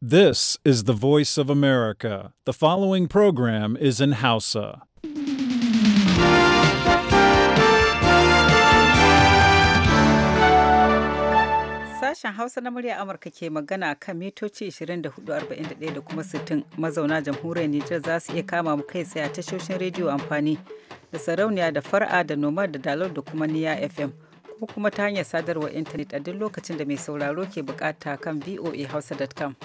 This is the voice of America. The following program is in Hausa. Sashen Hausa na murya Amurka ke magana kan mitoci 24,41 da kuma 60 mazauna jamhuriyar Nijar za su iya kama mu kai tsaye a tashoshin rediyo amfani da sarauniya da far'a da noma da dalar da kuma niya FM. ko kuma ta hanyar sadarwar intanet a duk lokacin da mai sauraro ke bukata kan voahausa.com.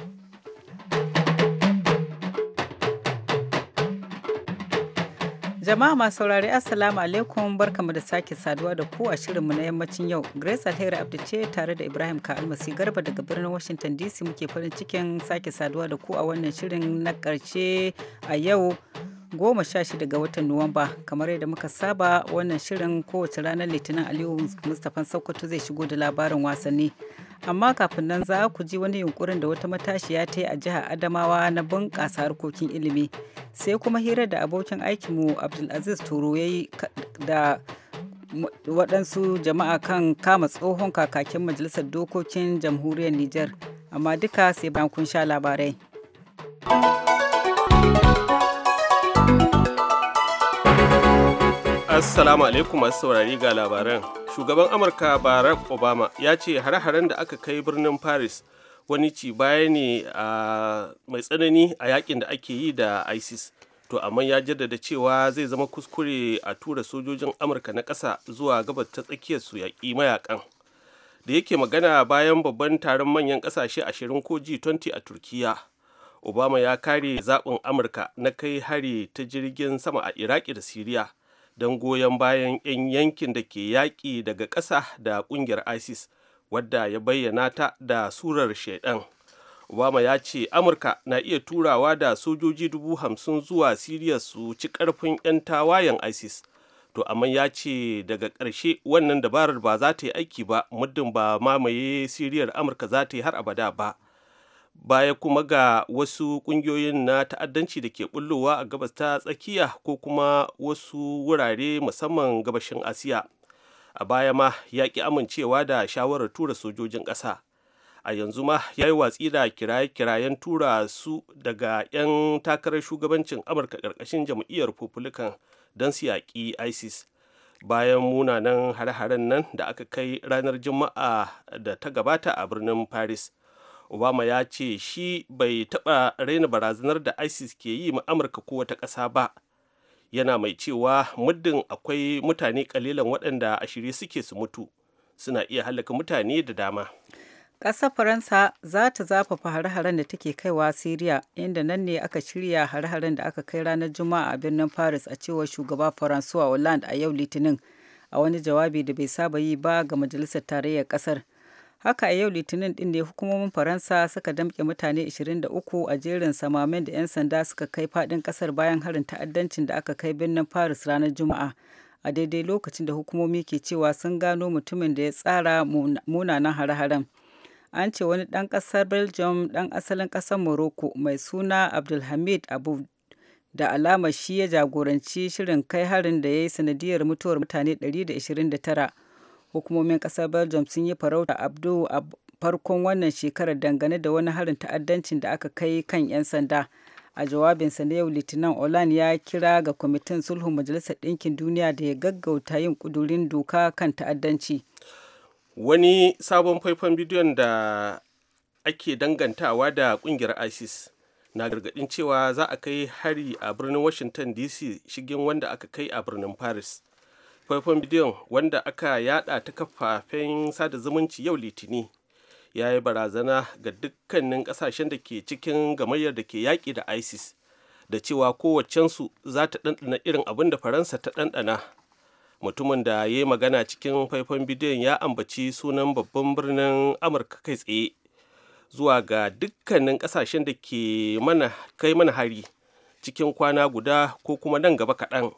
Jama'a masu saurari Assalamu alaikum barkamu da sake saduwa da ku a shirinmu na yammacin yau. Grace Alheri Abdu ce tare da Ibrahim Ka'almasi Garba daga birnin Washington DC muke farin cikin sake saduwa da ku a wannan shirin na ƙarshe a yau goma sha shida ga watan Nuwamba kamar yadda muka saba wannan shirin kowace ranar litinin Aliyu Mustapha Sokoto zai shigo da labarin wasanni. Amma kafin nan za ku ji wani yunkurin da wata matashiya ta yi a jihar Adamawa na bunƙasa harkokin ilimi. Sai kuma hira da abokin aikinmu Abdulaziz Turo ya yi da waɗansu jama'a kan kama tsohon kakakin majalisar dokokin jamhuriyar Nijar. Amma duka sai bayan kun sha labarai. Assalamu alaikum masu saurari ga labaran. Shugaban Amurka Barack Obama ya ce har haren da aka kai birnin Paris wani ci baya ne mai tsanani a yakin da ake yi da ISIS. To amma ya jaddada cewa zai zama kuskure a tura sojojin Amurka na ƙasa zuwa gabar ta tsakiyar su yaƙi mayakan. Da yake magana bayan babban taron manyan ƙasashe ashirin ko G20 a Turkiyya. Obama ya kare zaɓin Amurka na kai hari ta jirgin sama a Iraki da Siriya. don goyon bayan 'yan yankin da ke yaƙi daga ƙasa da ƙungiyar isis wadda ya bayyana ta da surar shaidan obama ya ce amurka na iya turawa da sojoji dubu hamsin zuwa siriya su ci ƙarfin 'yan tawayen isis to amma ya ce daga ƙarshe wannan dabarar ba za ta yi aiki ba muddin ba mamaye siriyar amurka za ta yi har abada ba baya kuma ga wasu kungiyoyin na ta'addanci da ke bullowa a gabas ta tsakiya ko kuma wasu wurare musamman gabashin asiya a baya ma ya ki amincewa da shawarar tura sojojin ƙasa a yanzu ma ya yi watsi da kiraye-kirayen tura su daga 'yan takarar shugabancin amurka ƙarƙashin jam'iyyar republican don su isis bayan munanan hare-haren nan da aka kai ranar juma'a da ta gabata a birnin paris obama ya ce shi bai taɓa raina barazanar da isis ke yi ma amurka ko wata ƙasa ba yana mai cewa muddin akwai mutane kalilan waɗanda a shirye suke su mutu suna iya halaka mutane da dama ƙasar faransa za ta zafafa hare-haren da take kaiwa siriya inda nan ne aka shirya hare-haren da aka kai ranar juma'a a birnin paris a cewar shugaba faransuwa hollande a yau litinin a wani jawabi da bai saba yi ba ga majalisar tarayyar ƙasar haka a yau litinin din ne hukumomin faransa suka damke mutane 23 a jerin samamen da 'yan sanda suka kai fadin kasar bayan harin ta'addancin da aka kai birnin paris ranar juma'a a daidai lokacin da hukumomi ke cewa sun gano mutumin da ya tsara munanan hare-haren an ce wani ɗan ƙasar belgium ɗan asalin ƙasar morocco mai suna abdulhamid abu da alama shi ya jagoranci shirin kai harin da ya yi sanadiyar mutuwar mutane 129 hukumomin kasar belgium sun yi farauta abdu a farkon wannan shekarar dangane da wani harin ta'addancin da aka kai kan 'yan sanda a jawabinsa na yau litinin olan ya kira ga kwamitin sulhun majalisar ɗinkin duniya da ya gaggauta yin kudurin doka kan ta'addanci wani sabon faifan bidiyon da ake dangantawa da kungiyar isis na gargaɗin cewa za a kai hari a birnin washington dc shigin wanda aka kai a birnin paris faifan bidiyon wanda aka yada ta kafafen sada zumunci yau litini ya yi barazana ga dukkanin kasashen da ke cikin gamayyar da ke yaƙi da isis da cewa kowaccensu za ta ɗanɗana irin abin da faransa ta ɗanɗana mutumin da ya yi magana cikin faifan bidiyon ya ambaci sunan babban birnin amurka kai tsaye zuwa ga dukkanin kasashen da ke kai mana hari cikin kwana guda ko kuma nan gaba kaɗan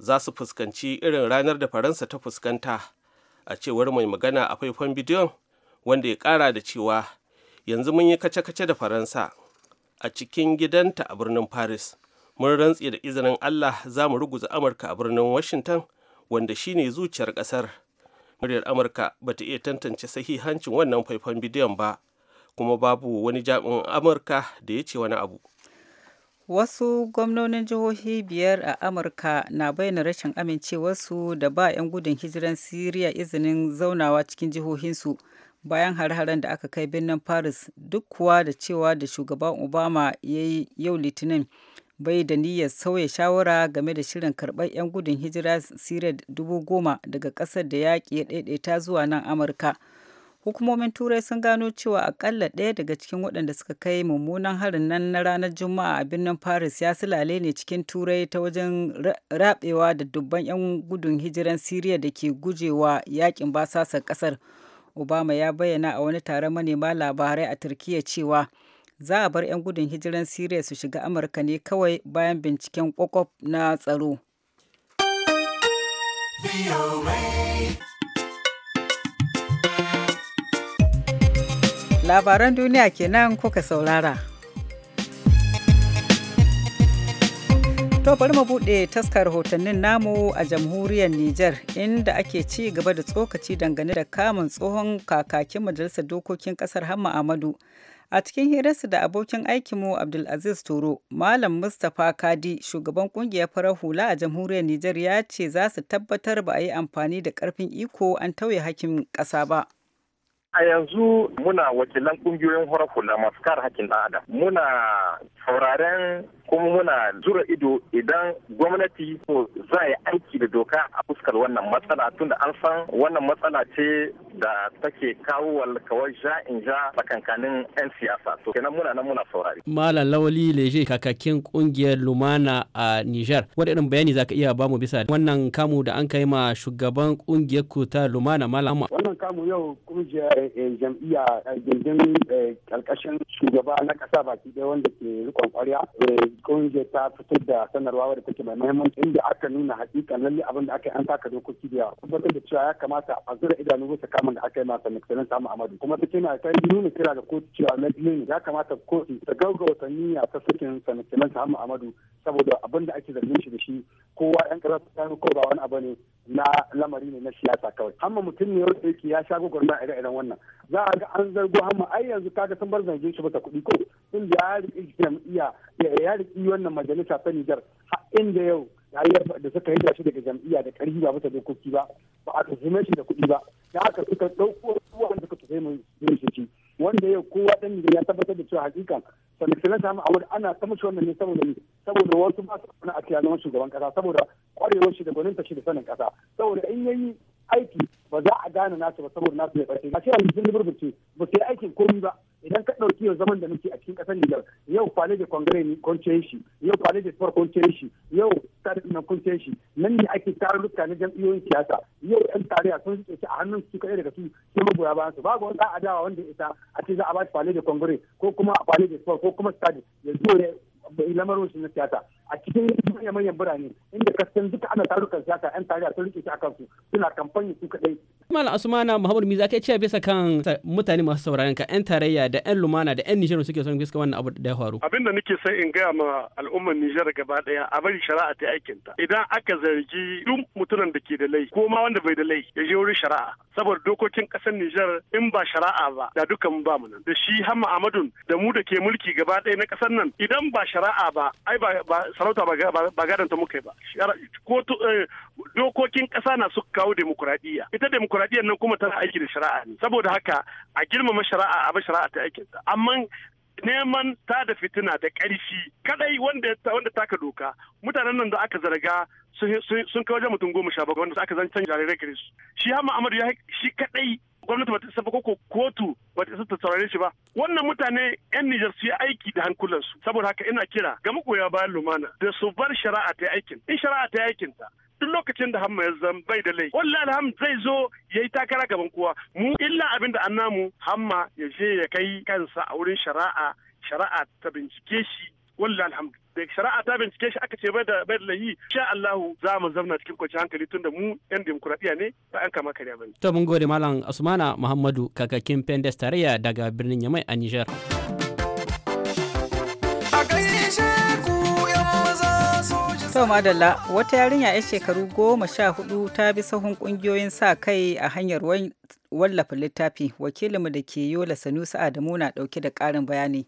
za su fuskanci irin ranar da faransa ta fuskanta a cewar mai magana a faifan bidiyon wanda ya kara da cewa yanzu mun yi kace-kace da faransa a cikin gidanta a birnin paris mun rantse da izinin allah za mu ruguza amurka a birnin washington wanda shine zuciyar kasar muryar amurka ba ta iya tantance sahihancin wannan faifan bidiyon ba kuma babu wani jami'in amurka da ya ce wani abu Wasu gwamnonin jihohi biyar a Amurka na bayyana rashin amincewarsu da ba 'yan gudun hijiran Siriya izinin zaunawa cikin jihohinsu bayan har-haren da aka kai birnin Paris duk kuwa da cewa da shugaban Obama ya yi yau Litinin bai da niyyar sauya shawara game da shirin karɓar 'yan gudun hijira Siriya dubu goma daga ƙasar da yaƙi ya ɗaiɗaita zuwa nan Amurka. hukumomin turai sun gano cewa akalla ɗaya daga cikin waɗanda suka kai mummunan harin nan na ranar juma'a a birnin paris ya silale ne cikin turai ta wajen rabewa da dubban 'yan gudun hijiran siriya da ke gujewa yakin basasar ƙasar obama ya bayyana a wani taron manema labarai a turkiya cewa za a bar 'yan gudun hijiran siriya su shiga amurka ne kawai bayan binciken kwakwaf na tsaro Labaran duniya kenan kuka saurara. To bari mu buɗe taskar rahotannin namu a jamhuriyar Nijar inda ake ci gaba da tsokaci dangane da kamun tsohon kakakin majalisar dokokin ƙasar Hamma Amadu. A cikin hirarsa da abokin aikinmu Abdulaziz Toro, Malam Mustapha Kadi, shugaban kungiyar farar hula a jamhuriyar Nijar ya ce za su tabbatar ba a yi amfani da ƙarfin iko an tauye hakkin ƙasa ba. a yanzu muna wakilan kungiyoyin horar hula masu kare hakkin ɗan adam muna sauraren kuma muna zura ido idan gwamnati ko za yi aiki da doka a fuskar wannan matsala da an san wannan matsala ce da take kawo kawai ja in ja tsakankanin 'yan siyasa to kenan muna nan muna saurari. Malam Lawali Leje kakakin kungiyar Lumana a niger wani irin bayani zaka iya bamu bisa wannan kamu da an kai ma shugaban kungiyar kuta Lumana Malam Wannan kamu yau kungiyar Eh, jam'iyya eh, gindin karkashin eh, shugaba na kasa baki ɗaya wanda ke rikon kwarya kungiyar ta fitar da sanarwa wadda take mai muhimmanci inda aka nuna hakika lalle abin da aka yi an saka dokoki da tabbatar da cewa ya kamata a zura idanu bisa kamun da aka yi masa mixanin samu amadu kuma ta kina ta yi nuna kira da kotu cewa na biyu ya kamata kotu ta gaugauta niyya ta sakin sanitinan samu amadu saboda abin da ake zargin shi da shi kowa yan kasa sun ko ba wani abu ne na lamari ne na siyasa kawai hamma mutum ne wanda yake ya sha gwagwarma ire iren wannan za a ga an zargo hamma ai yanzu kaga sun bar zangin shi bata kuɗi ko sun ya riƙi jam'iyya ya riƙi wannan majalisa ta Nijar inda yau da suka yi da shi daga jam'iyya da ƙarfi ba bisa dokoki ba ba a tuhume shi da kuɗi ba da aka suka ɗauko wanda suka tuhume shi wanda yau kowa dan ya tabbatar da cewa hakika sannan sai samu awar ana ta mushi wannan ne saboda saboda wasu ba su a ce ya shugaban kasa saboda kwarewar shi da gwaninta shi da sanin kasa saboda in yayi aiki ba za a gane nasu ba saboda nasu ya ɓace ashe yanzu sun bace ba su yi aikin komi ba idan ka ɗauki yau zaman da muke a cikin ƙasar Nijar yau kwale da kwangare ne kwance shi yau kwale da sport kwance shi yau tare na kwance shi nan ne ake tara tarurruka na jam'iyyoyin siyasa yau ɗan tarayya sun rike ci a hannun su kaɗai daga su sai magoya bayan su babu wanda adawa wanda isa a ce za a ba shi kwale da kwangare ko kuma kwale da sport ko kuma stadi ya zo ya lamarin shi na siyasa a cikin manyan manyan birane inda kasan duka ana tarukan siyasa yan tarayya sun rike shi a kansu suna kamfani su kaɗai Malam asumana muhammadu Miza kai ce bisa kan mutane masu sauraron ka yan tarayya da yan lumana da yan Nijar suke son bisa wannan abu da ya faru. Abin da nake son in gaya ma al'ummar Nijar gaba daya a bari shari'a ta aikin ta. Idan aka zargi duk mutumin da ke da lai ko ma wanda bai da lai ya je wurin shari'a saboda dokokin kasar Nijar in ba shari'a ba da dukan ba mu nan. Da shi Hamma Ahmadun da mu da ke mulki gaba daya na kasar nan idan ba shari'a ba ai ba sarauta ba gadanta muka ba. Eh, dokokin kasa na su kawo demokuraɗiyya. Ita demokuraɗiyya demokuraɗiyyar nan kuma tana aiki da shari'a ne saboda haka a girmama shari'a a bar shari'a ta aikin amma neman ta da fitina da ƙarfi kadai wanda wanda taka doka mutanen nan da aka zarga sun kai wajen mutum goma sha bakwai wanda aka zancen jarirai gare su shi hama amadu ya shi kadai gwamnati bata isa ba ko kotu bata isa ta saurare shi ba wannan mutane yan Nijar su yi aiki da hankulansu saboda haka ina kira ga makoya bayan lumana da su bar shari'a ta aikin in shari'a ta aikin ta duk lokacin da hamma ya zama bai da lai wallahi alham zai zo yayi takara gaban kowa mu illa abinda da an namu hamma ya je ya kai kansa a wurin shari'a shari'a ta bincike shi wallahi alhamdu da shari'a ta bincike shi aka ce bai da bai da sha Allahu za mu zauna cikin kwanciyar hankali tunda mu yan demokradiya ne ba an kama kariya bane. To mun gode Malam Usmana Muhammadu kakakin Pendes tarayya daga birnin Yamai a Nijar. sau madalla wata yarinya yan shekaru goma sha hudu ta bi sahun kungiyoyin sa kai a hanyar wallafa littafi wakilinmu da ke yola sanusi adamu na dauke da karin bayani.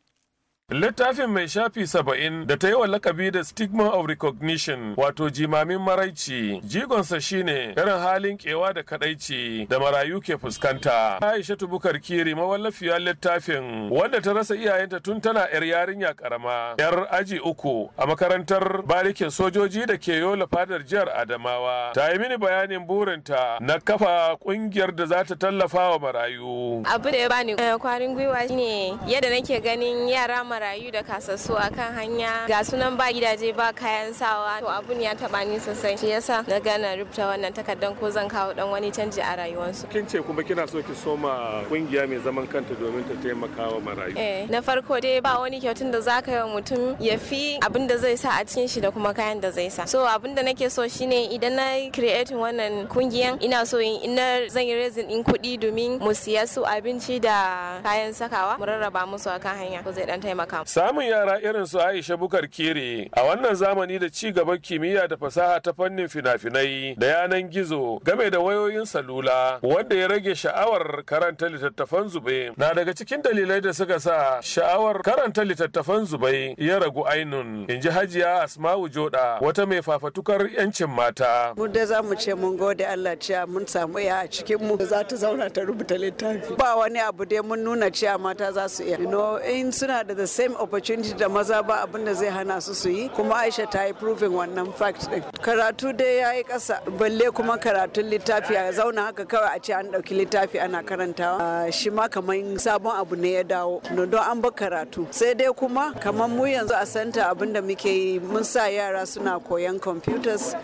Littafin mai shafi saba'in da ta yi wa lakabi da Stigma of Recognition wato jimamin maraici jigonsa shine irin halin kewa da kadaici da marayu ke fuskanta. Aisha Bukar Kiri mawallafiya littafin wanda ta rasa iyayenta tun tana yar yarinya karama yar aji uku a makarantar barikin sojoji da ke yola fadar jihar Adamawa. Ta yi mini bayanin burinta na kafa kungiyar da za ta tallafa wa marayu. Abu da ya bani kwarin eh, gwiwa shine yadda nake ganin yara marayu da kasassu a kan hanya ga sunan ba gidaje ba kayan sawa to abun ya taba ni sosai shi yasa na gana rubuta wannan takardan ko zan kawo dan wani canji a rayuwarsu kin ce kuma kina so ki soma kungiya mai zaman kanta domin ta taimaka wa marayu eh na farko dai ba wani kyautun da zaka yi wa mutum ya fi abin da zai sa a cikin shi da kuma kayan da zai sa so abin da nake so shine idan na create wannan kungiyan ina so in na zan yi raising din kuɗi domin mu siya su abinci da kayan sakawa mu rarraba musu akan hanya ko zai dan taimaka taimaka. Samun yara irin su Aisha Bukar Kere a wannan zamani da ci gaban kimiyya da fasaha ta fannin fina-finai da yanan gizo game da wayoyin salula wanda ya rage sha'awar karanta littattafan zube na daga cikin dalilai da suka sa sha'awar karanta littattafan zubai ya ragu ainun Inji ji hajiya asma'u joda wata mai fafatukar yancin mata. Mun da za mu ce mun gode Allah cewa mun samu ya a cikin mu za ta zauna ta rubuta littafi ba wani abu dai mun nuna cewa mata za su iya. in suna da same opportunity da maza ba abin da zai hana su su yi kuma aisha ta yi proving wannan fact din karatu dai ya yi kasa balle kuma karatun littafi a zauna haka kawai a ce an ɗauki littafi ana karantawa shi ma kamar sabon abu ne ya dawo don an ba karatu sai dai kuma kamar mu yanzu a santa abin da muke yi mun sa yara suna koyan computers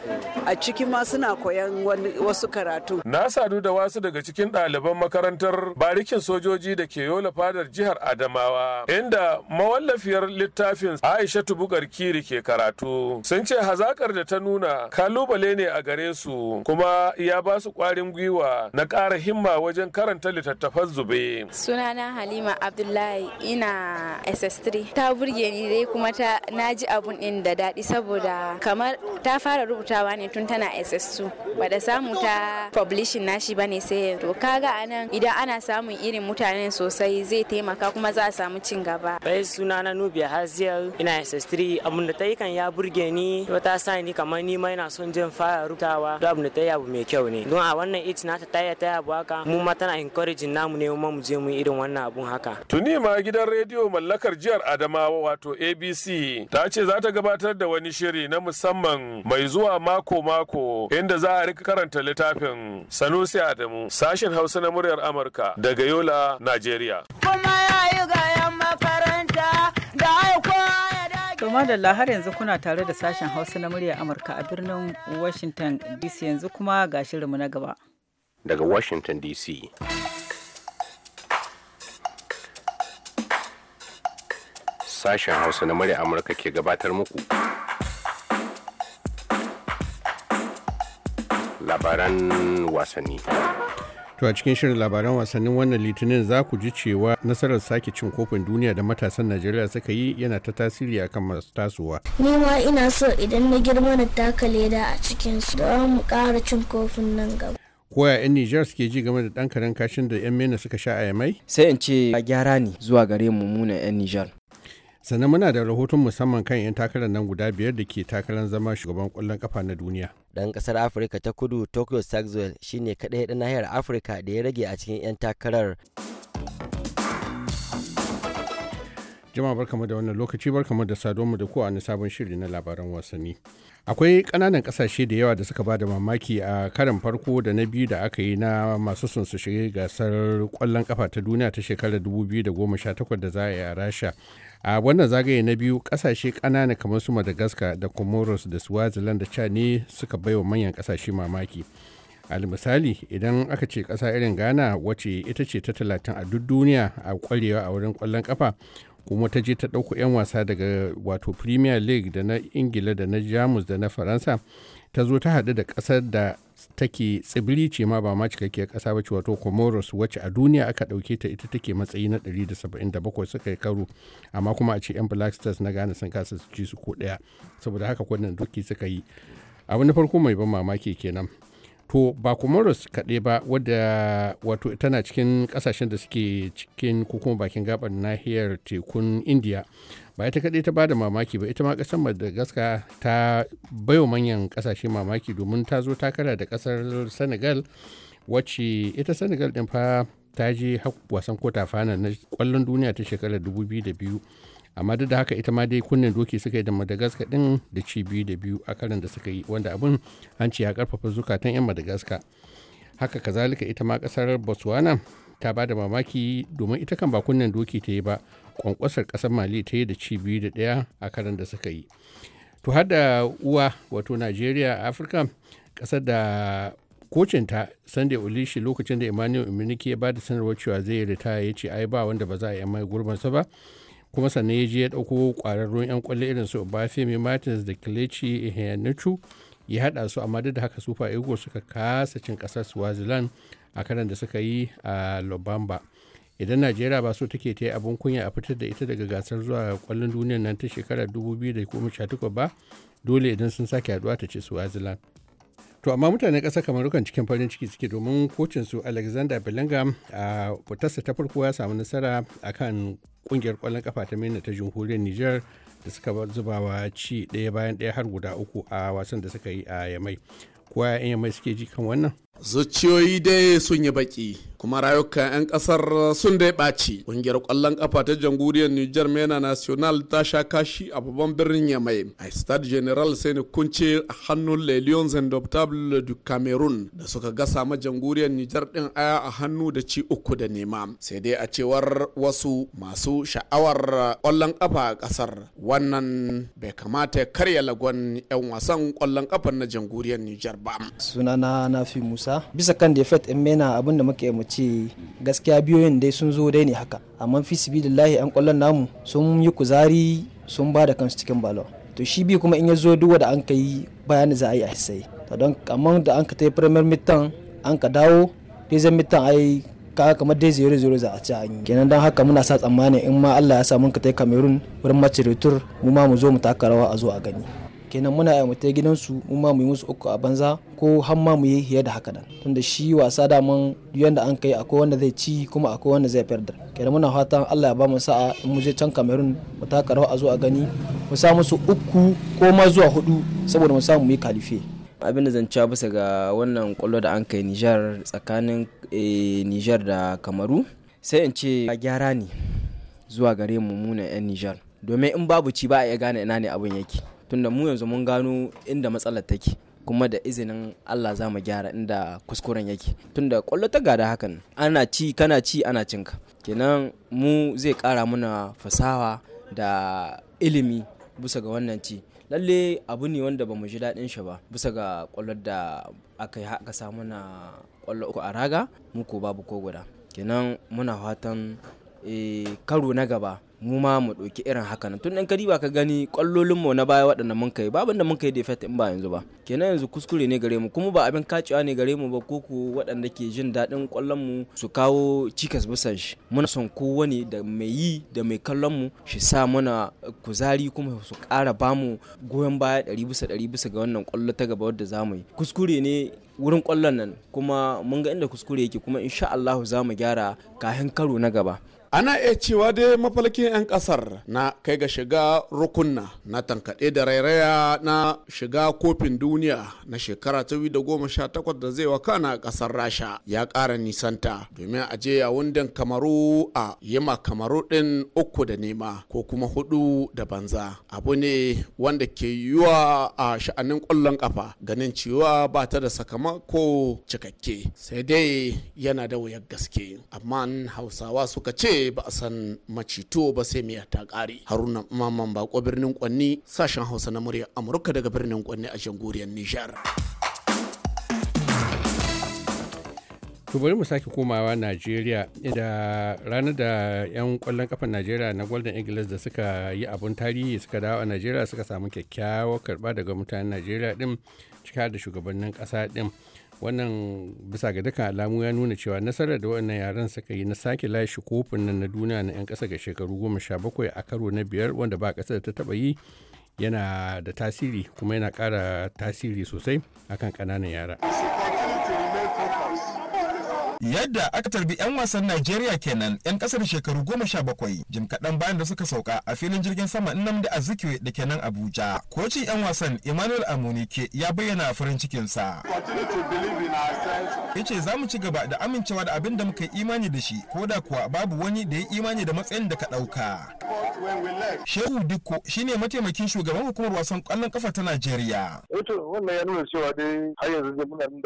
a ciki ma suna koyan wasu karatu na sadu da wasu daga cikin ɗaliban makarantar barikin sojoji da ke yola fadar jihar adamawa inda mawallafiyar littafin aishatu bugar kiri ke karatu sun ce hazakar da ta nuna kalubale ne a gare su kuma ya ba su kwarin gwiwa na ƙara himma wajen karanta littattafan zube sunana halima abdullahi ina ss3 ta burge ni dai kuma ta naji abun din da daɗi saboda kamar ta fara rubutawa ne tun tana ss2 ba da samu ta publishing nashi ne sai to kaga anan idan ana samun irin mutanen sosai zai taimaka kuma za a samu cin gaba suna na Nubia Haziel ina SS3 abun da ta yi kan ya burge ni wata sani kamar ni ma ina son jin fara rutawa don abin da ta yi abu mai kyau ne don a wannan ita na ta taya taya abu haka mu ma tana encouraging namu ne mu mu je mu irin wannan abun haka. Tuni ma gidan rediyo mallakar jihar Adamawa wato ABC ta ce za ta gabatar da wani shiri na musamman mai zuwa mako-mako inda za a rika karanta littafin Sanusi Adamu sashen Hausa na muryar Amurka daga Yola, Najeriya. To madalla har yanzu kuna tare da sashen Hausa na murya Amurka a birnin Washington DC yanzu kuma ga shirinmu na gaba. Daga Washington DC. Sashen Hausa na murya Amurka ke gabatar muku. Labaran wasanni. To a cikin shirin labaran wasannin wannan litinin za ku ji cewa nasarar sake cin kofin duniya da matasan Najeriya suka yi yana ta tasiri a kan masu tasowa. Ni ma ina so idan na girma na taka leda a cikin su don mu ƙara cin kofin nan gaba. Koya 'yan Nijar suke ji game da ɗan karen kashin da 'yan Mena suka sha a Yamai? Sai in ce gyara ne zuwa gare mu muna 'yan Nijar. sannan muna da rahoton musamman kan 'yan takarar nan guda biyar da ke takarar zama shugaban kwallon kafa na duniya dan kasar afirka ta kudu tokyo saxwell shine kadai da nahiyar afirka da ya rage a cikin 'yan takarar jama'a barkamu da wannan lokaci barkamu da mu da ku a sabon shiri na labaran wasanni akwai kananan kasashe da yawa da suka bada mamaki a karan farko da na biyu da aka yi na masu son su shiga gasar kwallon kafa ta duniya ta shekarar 2018 da za a yi a rasha a wannan zagaye na biyu kasashe kanana kamar su madagascar da comoros da swaziland da cha ne suka baiwa manyan kasashe mamaki misali idan aka ce ƙasa irin ghana wacce ita ce ta talatin a duk duniya a kwarewa a wurin kwallon kafa kuma ta je ta ɗauko 'yan wasa daga wato premier league da na ingila da na jamus da na faransa ta zo ta haɗu da ƙasar da take tsibiri ce ma ba ma cikakkiyar ƙasa ba ce wato comoros wacce a duniya aka ɗauke ta ita take matsayi na 177 suka yi karo amma kuma a ce 'yan black stars na ghana sun kasa su ci su ko ɗaya saboda haka kwanan doki suka yi abu na farko mai ban mamaki kenan to ba comoros kaɗai ba wadda wato tana cikin ƙasashen da suke cikin kuma bakin gabar nahiyar tekun indiya ba ita kaɗai ta bada mamaki ba ita ma ƙasar madagascar ta baiwa manyan ƙasashe mamaki domin ta zo takara da ƙasar senegal wacce ita senegal ɗin fa ta je wasan kota fana na ƙwallon duniya ta shekarar 2002 amma duk da haka ita ma dai kunnen doki suka yi da madagascar din da ci biyu da biyu a karan da suka yi wanda abun an ce ya karfafa zukatan 'yan madagascar haka kazalika ita ma kasar botswana ta ba da mamaki domin ita kan ba kunnen doki ta yi ba kwankwasar kasar mali ta yi da ci biyu da daya a karan da suka yi to har da uwa wato nigeria afirka kasar da kocinta sunday olishi lokacin da emmanuel umarniki ya ba da sanarwar cewa zai ritaya ya ce ai ba wanda ba za a yi mai gurbinsa ba kuma sannan ya je ya ɗauko ƙwararrun 'yan kwallo irin su Obafemi Martins da Kelechi Iheanacho ya haɗa su amma duk da haka Super Eagles suka kasa cin ƙasar Swaziland a karan da suka yi a Lobamba. Idan Najeriya ba so take ta yi abin kunya a fitar da ita daga gasar zuwa kwallon duniyar nan ta shekarar 2018 ba dole idan sun sake haduwa ta ce Swaziland. to amma mutanen ƙasa rukan cikin farin ciki suke domin kocin su alexander bellingham a fitarsa ta farko ya samu nasara akan kungiyar kwallon kafa ta mena ta jamhuriyar niger da suka zuba wa ci ɗaya bayan ɗaya har guda uku a wasan da suka yi a yamai kowa 'yan yamai suke ji kan wannan zuciyoyi dai sun yi baki kuma rayuka 'yan kasar sun dai ɓaci ƙungiyar ƙwallon ƙafa ta jamhuriyar niger mena national ta sha kashi a babban birnin yamai a stade general sani kunce a hannun le lions indomitable du cameroon da suka gasa ma jamhuriyar niger din aya a hannu da ci uku da nema sai dai a cewar wasu masu sha'awar ƙwallon ƙafa a ƙasar wannan bai kamata ya karya lagon 'yan wasan ƙwallon ƙafa na jamhuriyar niger ba sunana nafi musa Hausa bisa kan fet in mena abin da muke mu ce gaskiya biyoyin dai sun zo dai ne haka amma fi sibilillahi an kwallon namu sun yi kuzari sun ba da kansu cikin balo to shi bi kuma in ya zo duk wanda an kai bayani za a yi a sai to don amma da an ka tai premier mitan an ka dawo dizan mitan ai ka kamar dai zero zero za a ci an kenan don haka muna sa tsammani in ma Allah ya sa mun ka tai Cameroon wurin match mu ma mu zo mu taka rawa a zo a gani kenan muna yi mutai gidansu mu ma mu yi musu uku a banza ko har ma mu yi hiye da haka nan tunda shi wasa da daman yanda an kai akwai wanda zai ci kuma akwai wanda zai fardar kenan muna fatan Allah ya ba mu sa'a in mu je can Cameroon mu taka rawa a zo a gani mu sa musu uku ko ma zuwa hudu saboda mu samu mu yi kalife abin da zancewa bisa ga wannan kwallo da an kai Nijar tsakanin eh, Nijar da Kamaru sai in ce a gyara ne zuwa gare mu muna 'yan Nijar domin in babu ci ba a iya gane ina ne abin yake tunda mu yanzu mun gano inda matsalar take kuma da izinin Allah za mu gyara inda kuskuren yake tunda kwallo ta gada hakan ana ci kana ci ana cinka kenan mu zai kara muna fasawa. da ilimi bisa ga wannan ci lalle abu ne wanda ba mu ji daɗin shi ba bisa ga kwallon da aka yi haka. samu na kwallo uku a raga muku babu ko guda kenan muna fatan eh, karo na gaba mu ma mu ɗauki irin haka nan tun ɗan kadi ba ka gani ƙwallolin mu na baya waɗanda mun kai babu da mun kai da in ba yanzu ba kenan yanzu kuskure ne gare mu kuma ba abin kacewa ne gare mu ba ko ku waɗanda ke jin daɗin ƙwallon mu su kawo cikas bisan shi muna son kowane da mai yi da mai kallon mu shi sa mana kuzari kuma su ƙara ba mu goyon baya ɗari bisa ɗari bisa ga wannan ƙwallo ta gaba wadda za mu yi kuskure ne wurin ƙwallon nan kuma mun ga inda kuskure yake kuma insha Allahu za mu gyara kahin karo na gaba ana iya cewa dai mafalkin 'yan kasar na kai ga shiga rukunna na tankaɗe da rairaya na shiga kofin duniya na shekara ta da goma sha takwas da zai waka na ƙasar rasha ya ƙara nisanta domin a je wundin kamaru a yima kamaru ɗin uku da nema ko kuma hudu da banza abu ne wanda ke yiwa a sha'anin ƙwallon ƙafa ganin cewa ba ta da sakamako cikakke sai dai yana da wuyar gaske amma hausawa suka ce kawai ba a san macito ba sai miya ta ƙare haruna maman bako birnin kwanni sashen hausa na murya amurka daga birnin kwanni a shangoriyar nijar to bari mu sake komawa najeriya da ranar da 'yan kwallon kafan najeriya na golden eagles da suka yi abun tarihi suka dawo a najeriya suka samu kyakkyawar karba daga mutanen najeriya din cika da shugabannin kasa din wannan bisa ga dukkan alamu ya nuna cewa nasarar da wannan yaren suka yi na sake lashe kofin nan na duniya na 'yan ƙasa ga shekaru goma sha bakwai a karo na biyar wanda ba ƙasar da ta taba yi yana da tasiri kuma yana kara tasiri sosai akan ƙananan yara. Yadda aka tarbi 'yan wasan Najeriya kenan 'yan kasar shekaru goma sha bakwai jim kaɗan bayan da suka sauka a filin jirgin sama a Azikiwe da kenan Abuja. Kocin 'yan wasan Emmanuel Amunike ya bayyana farin cikinsa. Ya ce za mu ci gaba da amincewa da abin da muka yi imani da shi ko da kuwa babu wani da ya imani da matsayin da ka ɗauka. Shehu Dikko shine mataimakin shugaban hukumar wasan ƙwallon ƙafa ta Najeriya. Wato eh wannan ya nuna cewa dai har yanzu muna nan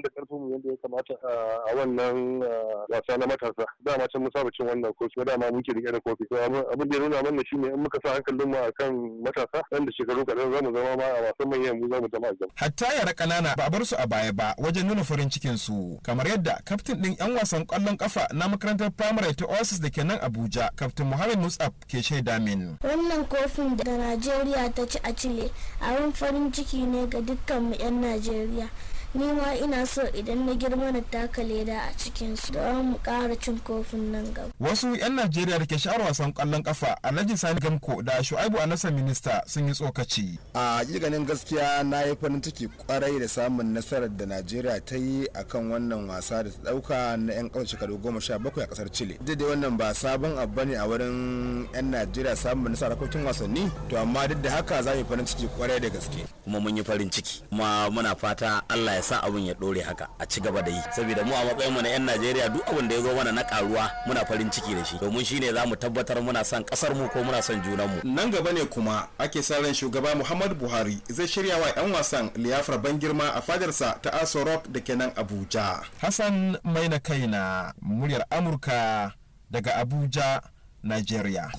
da karfin mu yadda ya kamata ah, a wannan wannan ah, wasa na matasa dama can mun saba cin wannan kofi kuma dama muke rike da kofi abin da ya nuna mana shine in muka sa hankalin mu akan matasa nan da shekaru kaɗan zamu zama ma a wasan manyan mu zamu zama a hatta yara ƙanana ba a bar su a baya ba wajen nuna farin cikin su kamar yadda kaftin din yan wasan ƙwallon kafa na makarantar firamare ta Oasis da ke nan Abuja kaftin Muhammad Musab ke shaida min wannan kofin da Najeriya ta ci a Chile abin farin ciki ne ga dukkan mu 'yan Najeriya nima ina so idan na girma na taka leda a cikin su da mu kara cin kofin nan gaba. Wasu 'yan Najeriya da ke sha'ar wasan kwallon kafa, Alhaji Sani Gamko da Shu'aibu Anasa Minista sun yi tsokaci. A ganin gaskiya na yi farin ciki kwarai da samun nasarar da Najeriya ta yi a kan wannan wasa da ta ɗauka na 'yan ƙasar shekaru goma sha bakwai a ƙasar Chile. Duk da wannan ba sabon abu ne a wurin 'yan Najeriya samun nasarar kokin wasanni to amma duk da haka za mu yi farin ciki kwarai da gaske. Kuma mun yi farin ciki kuma muna fata Allah ya sa abin ya dore haka a ci gaba da yi saboda mu a matsayin mu na yan Najeriya duk abin da ya zo mana na karuwa muna farin ciki da shi domin shine zamu tabbatar muna son kasar mu ko muna son junan mu nan gaba ne kuma ake sa ran shugaba Muhammadu Buhari zai shirya wa yan wasan liyafar ban girma a fadarsa ta Aso Rock da kenan Abuja Hassan Maina Kaina muryar Amurka daga Abuja Nigeria.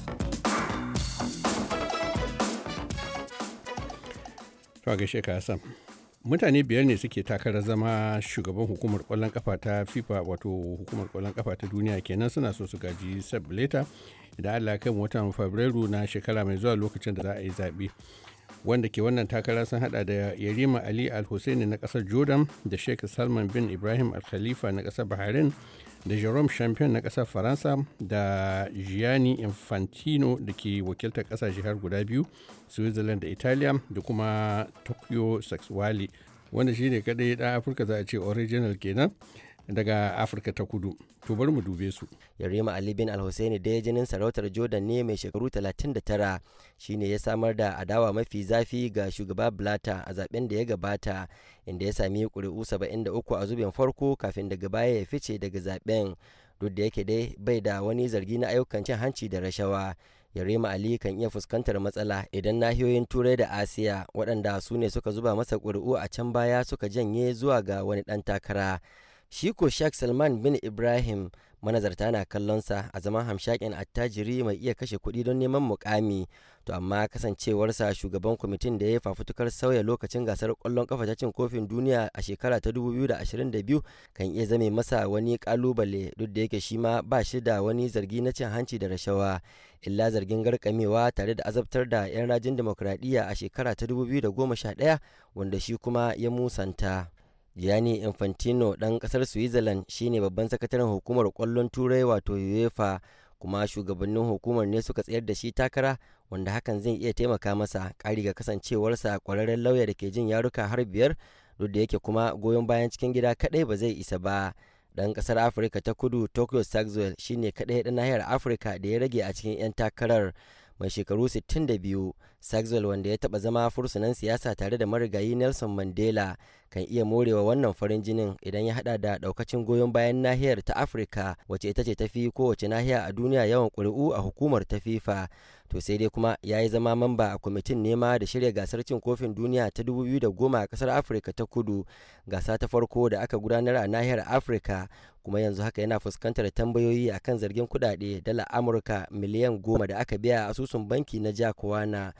Sam. mutane biyar ne suke takarar zama shugaban hukumar kwallon kafa ta fifa wato hukumar kwallon kafa ta duniya kenan suna so su gaji sabuleta da allah kan watan fabrairu na shekara mai zuwa lokacin da za a yi zaɓe wanda ke wannan takara sun hada da yarima ali al na kasar jordan da sheikh salman bin ibrahim al-khalifa na kasar bahrain da jerome champion na kasar faransa da gianni infantino da ke wakiltar kasashe har guda biyu switzerland da italia da kuma tokyo sexuali wanda shi ne kadai dan afirka za a ce original kenan daga afirka ta kudu to bari mu dube su yarima ali bin alhussaini da ya jinin sarautar jordan ne mai shekaru 39 shine ya samar da adawa mafi zafi ga shugaba blata a zaben da ya gabata inda ya sami ƙuri'u 73 a zubin farko kafin daga baya ya fice daga zaben duk da yake dai bai da wani zargi na ayyukan cin hanci da rashawa yarima ali kan iya fuskantar matsala idan nahiyoyin turai da asiya waɗanda su ne suka zuba masa kuri'u a can baya suka janye zuwa ga wani ɗan takara Shi ko Sheikh Salman bin Ibrahim manazarta na kallonsa a zaman hamshakin attajiri mai iya kashe kuɗi don neman mukami to amma kasancewarsa shugaban kwamitin da ya yi fafutukar sauya lokacin gasar kwallon kafa ta cin kofin duniya a shekara ta 2022 kan iya zame masa wani kalubale duk da yake shi ma ba shi da wani zargi na cin hanci da rashawa illa zargin garkamewa tare da azabtar da 'yan rajin demokradiyya a shekara ta 2011 wanda shi kuma ya musanta. Gianni Infantino ɗan ƙasar Switzerland shine babban sakataren hukumar ƙwallon Turai wato UEFA kuma shugabannin hukumar ne suka tsayar da shi takara wanda hakan zai iya taimaka masa ƙari ga kasancewarsa ƙwararren lauya da ke jin yaruka har biyar duk da yake kuma goyon bayan cikin gida kaɗai ba zai isa ba. Ɗan ƙasar Afirka ta kudu Tokyo Saxwell shine kaɗai ɗan nahiyar Afirka da ya rage a cikin 'yan takarar. mai shekaru 62 saxwell wanda ya taba zama fursunan siyasa tare da marigayi nelson mandela kan iya morewa wannan farin jinin idan ya hada da daukacin goyon bayan nahiyar ta afirka wacce ita ce ta tafi kowace nahiya a duniya yawan ƙuri'u a hukumar ta fifa to sai dai kuma ya yi zama mamba a kwamitin nema da shirya gasar cin kofin duniya ta 2010 a kasar afirka ta kudu gasa ta farko da aka gudanar a nahiyar afirka kuma yanzu haka yana fuskantar tambayoyi a kan zargin kudade dala amurka miliyan goma da aka biya asusun banki na jakuwana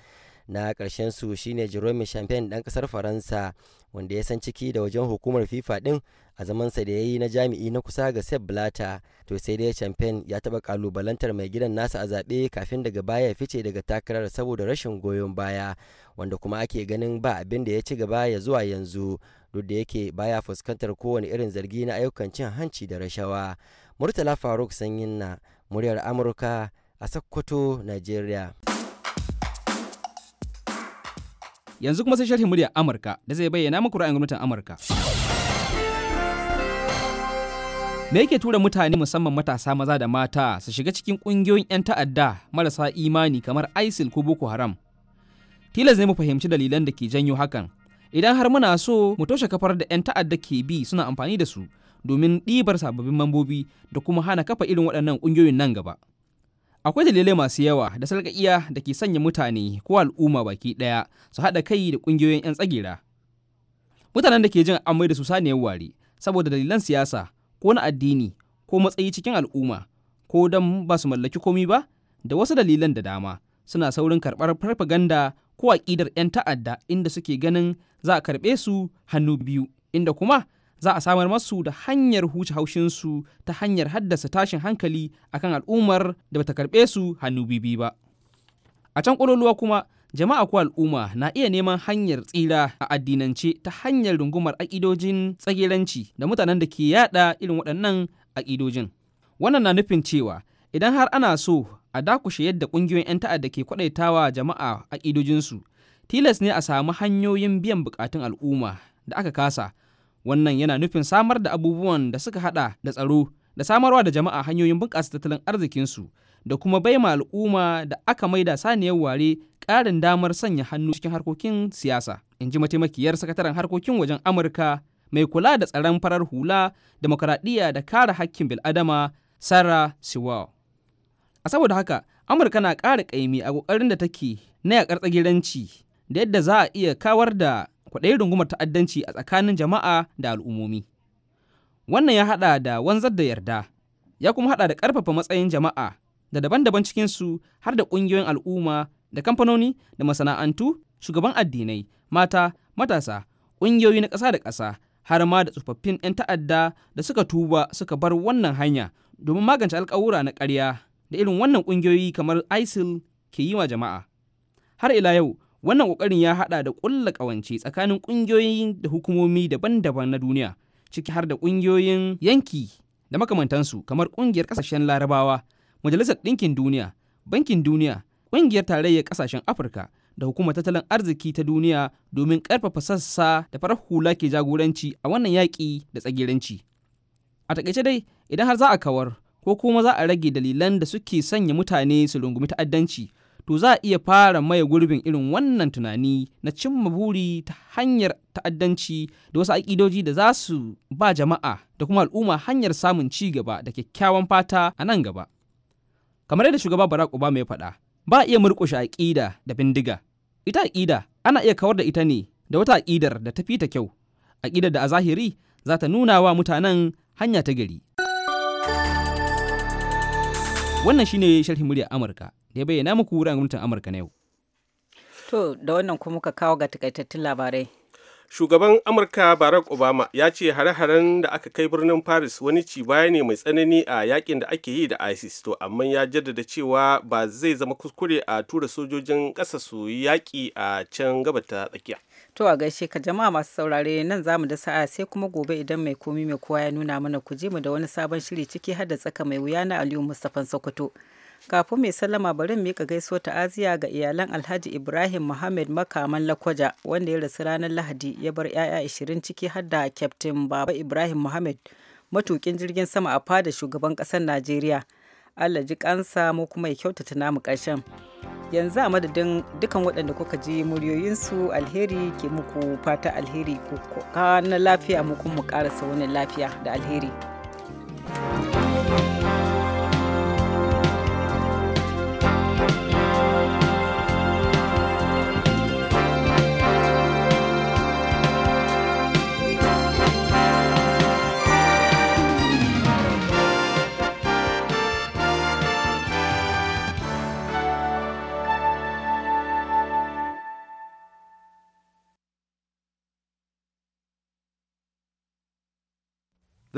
na karshen su shine jerome champagne dan kasar faransa wanda ya san ciki da wajen hukumar fifa din a zamansa da ya yi na jami'i na kusa ga sep blata to sai dai champagne ya taba kalubalantar mai gidan nasa a zaɓe kafin daga baya ya fice daga takarar saboda rashin goyon baya wanda kuma ake ganin ba abin da ya ci gaba ya zuwa yanzu duk da yake baya fuskantar kowane irin zargi na ayyukan cin hanci da rashawa murtala faruk sanyin na muryar amurka a sokoto nigeria yanzu kuma sai sharhin muryar amurka da zai bayyana muku ra'ayin gwamnatin amurka me yake tura mutane musamman matasa maza da mata su shiga cikin kungiyoyin 'yan ta'adda marasa imani kamar isil ko boko haram tilas ne mu fahimci dalilan da ke janyo hakan idan har muna so mu toshe kafar da 'yan ta'adda ke bi suna amfani da su domin ɗibar sababbin mambobi da kuma hana kafa irin waɗannan ƙungiyoyin nan gaba akwai dalilai masu yawa da sarƙaƙiya da ke sanya mutane ko al'umma baki ɗaya su haɗa kai da ƙungiyoyin 'yan tsagera mutanen da ke jin amai da su saniyar ware saboda dalilan siyasa ko na addini ko matsayi cikin al'umma ko don ba su mallaki komi ba da wasu dalilan da dama suna saurin karɓar farfaganda ko aƙidar 'yan ta'adda inda suke ganin za a karɓe su hannu biyu inda kuma za a samar masu da hanyar huce haushinsu ta hanyar haddasa tashin hankali a kan al'ummar da bata karɓe su hannu biyu ba a can ƙololuwa kuma jama'a ko al'umma na iya neman hanyar tsira a addinance ta hanyar rungumar aƙidojin tsagiranci da mutanen da ke yada irin waɗannan aƙidojin wannan na nufin cewa idan har ana so a dakushe yadda ƙungiyoyin 'yan ta'adda ke kwaɗaitawa jama'a a ƙidojinsu tilas ne a samu hanyoyin biyan buƙatun al'umma da aka kasa wannan yana nufin samar da abubuwan da suka hada da tsaro da samarwa da jama'a hanyoyin bunƙasa tattalin arzikinsu da kuma baima al'umma da aka maida saniyar ware ƙarin damar sanya hannu cikin harkokin siyasa in ji mataimakiyar sakataren harkokin wajen amurka mai kula da tsaron farar hula demokradiyya da kare hakkin bil'adama sarah siwa saboda haka amurka na ƙara ƙaimi a ƙoƙarin da take na yaƙar tsagiranci da yadda za a iya kawar da kwaɗayin rungumar ta'addanci a tsakanin jama'a da al'ummomi wannan ya haɗa da wanzar da yarda ya kuma haɗa da ƙarfafa matsayin jama'a da daban-daban cikinsu har da ƙungiyoyin al'umma da kamfanoni da masana'antu shugaban addinai mata matasa ƙungiyoyi na ƙasa da ƙasa har ma da tsofaffin 'yan ta'adda da suka tuba suka bar wannan hanya domin magance alƙawura na ƙarya da irin wannan ƙungiyoyi kamar isil ke yi wa jama'a har ila yau wannan ƙoƙarin ya haɗa da ƙulla ƙawance tsakanin ƙungiyoyi da hukumomi daban-daban na duniya ciki har da ƙungiyoyin yanki da makamantansu kamar ƙungiyar ƙasashen larabawa majalisar ɗinkin duniya bankin duniya ƙungiyar tarayyar ƙasashen afirka da hukumar tattalin arziki ta duniya domin ƙarfafa sassa da farar hula ke jagoranci a wannan yaƙi da tsagiranci a taƙaice dai idan har za a kawar ko kuma za a rage dalilan da suke sanya mutane su rungumi ta'addanci to za a iya fara maye gurbin irin wannan tunani na cimma buri ta hanyar ta'addanci da wasu aƙidoji da za su ba jama'a da kuma al'umma hanyar samun ci gaba da kyakkyawan fata a nan gaba kamar yadda shugaba barack obama ya faɗa ba a iya murƙushe aƙida da bindiga ita aƙida ana iya kawar da ita ne da wata aƙidar da ta fita ta kyau aƙidar da a zahiri za ta nuna wa mutanen hanya ta gari Wannan shine sharhin murya Amurka da ya bayyana muku wurin gwamnatin Amurka na yau. To da wannan kuma muka kawo ga takaitattun labarai. Shugaban Amurka Barack Obama ya ce hare-haren da aka kai birnin Paris wani ci baya ne mai tsanani a yakin da ake yi da ISIS to amma ya jaddada cewa ba zai zama kuskure a tura sojojin ƙasa su yaƙi a can gabata tsakiya. To a gaishe ka jama'a masu saurare nan zamu da sa'a sai kuma gobe idan mai komi mai kowa ya nuna mana ku je mu da wani sabon shiri ciki har da tsaka mai wuya na Aliyu mustafan Sokoto. Kafin mai sallama bari mu mika gaisuwa aziya ga iyalan Alhaji Ibrahim Muhammad Makaman Lakwaja wanda ya rasu ranar Lahadi ya bar 'ya'ya 20 ciki har da Captain Baba Ibrahim Muhammad matukin jirgin sama a fada shugaban ƙasar Najeriya. Allah ji kansa mu kuma ya kyautata namu ƙarshen. Yanzu a madadin dukan waɗanda kuka ji muryoyinsu alheri ke muku fata alheri ko na lafiya mu kuma mu ƙarasa wani lafiya da alheri.